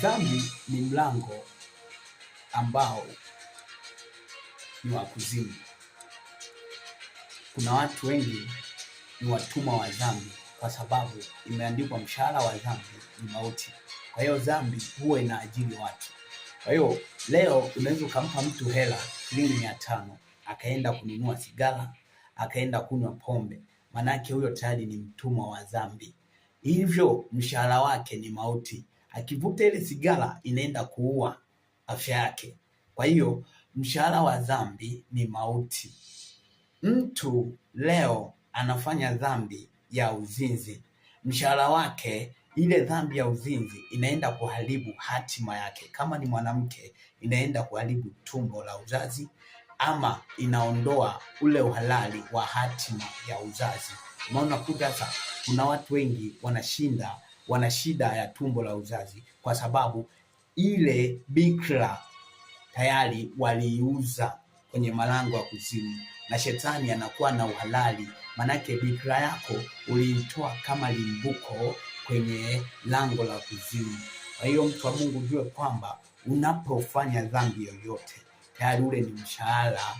Dhambi ni mlango ambao ni wa kuzimu. Kuna watu wengi ni watumwa wa dhambi, kwa sababu imeandikwa mshahara wa dhambi ni mauti. Kwa hiyo dhambi huwa inaajiri watu. Kwa hiyo leo unaweza ukampa mtu hela shilingi mia tano akaenda kununua sigara, akaenda kunywa pombe, manake huyo tayari ni mtumwa wa dhambi, hivyo mshahara wake ni mauti akivuta ile sigara inaenda kuua afya yake. Kwa hiyo mshahara wa dhambi ni mauti. Mtu leo anafanya dhambi ya uzinzi, mshahara wake ile dhambi ya uzinzi inaenda kuharibu hatima yake. Kama ni mwanamke, inaenda kuharibu tumbo la uzazi, ama inaondoa ule uhalali wa hatima ya uzazi. Unaona, sasa kuna watu wengi wanashinda wana shida ya tumbo la uzazi, kwa sababu ile bikra tayari waliiuza kwenye malango ya kuzimu, na shetani anakuwa na uhalali, manake bikra yako uliitoa kama limbuko kwenye lango la kuzimu. Kwa hiyo mtu wa Mungu, ujue kwamba unapofanya dhambi yoyote tayari ule ni mshahara